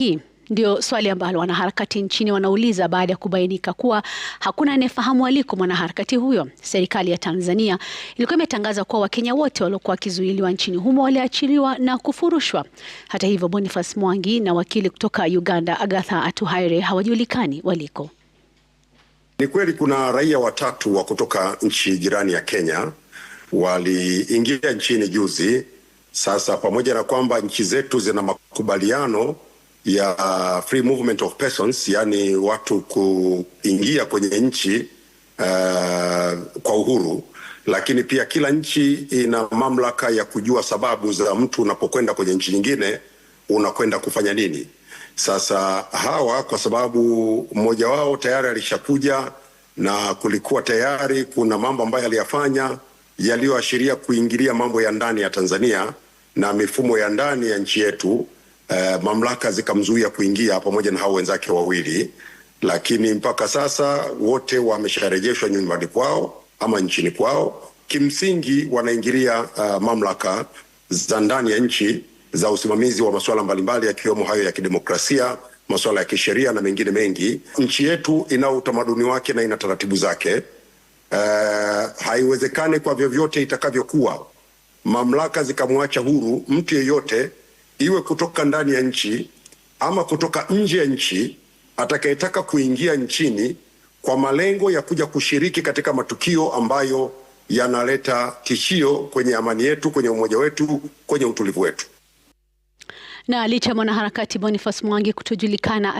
Hii ndio swali ambalo wanaharakati nchini wanauliza baada ya kubainika kuwa hakuna anayefahamu aliko mwanaharakati huyo. Serikali ya Tanzania ilikuwa imetangaza kuwa Wakenya wote waliokuwa wakizuiliwa nchini humo waliachiliwa na kufurushwa. Hata hivyo, Boniface Mwangi na wakili kutoka Uganda Agatha Atuhaire hawajulikani waliko. Ni kweli kuna raia watatu wa kutoka nchi jirani ya Kenya waliingia nchini juzi. Sasa pamoja na kwamba nchi zetu zina makubaliano ya free movement of persons, yani watu kuingia kwenye nchi uh, kwa uhuru, lakini pia kila nchi ina mamlaka ya kujua sababu za mtu unapokwenda kwenye nchi nyingine unakwenda kufanya nini. Sasa hawa kwa sababu mmoja wao tayari alishakuja na kulikuwa tayari kuna mambo ambayo aliyafanya yaliyoashiria kuingilia mambo ya ndani ya Tanzania na mifumo ya ndani ya nchi yetu uh, mamlaka zikamzuia kuingia pamoja na hao wenzake wawili, lakini mpaka sasa wote wamesharejeshwa nyumbani kwao ama nchini kwao. Kimsingi wanaingilia uh, mamlaka za ndani ya nchi za usimamizi wa masuala mbalimbali yakiwemo hayo ya kidemokrasia, masuala ya kisheria na mengine mengi. Nchi yetu ina utamaduni wake na ina taratibu zake. Uh, haiwezekani kwa vyovyote itakavyokuwa mamlaka zikamwacha huru mtu yeyote iwe kutoka ndani ya nchi ama kutoka nje ya nchi, atakayetaka kuingia nchini kwa malengo ya kuja kushiriki katika matukio ambayo yanaleta tishio kwenye amani yetu, kwenye umoja wetu, kwenye utulivu wetu. Na licha mwanaharakati Boniface Mwangi kutojulikana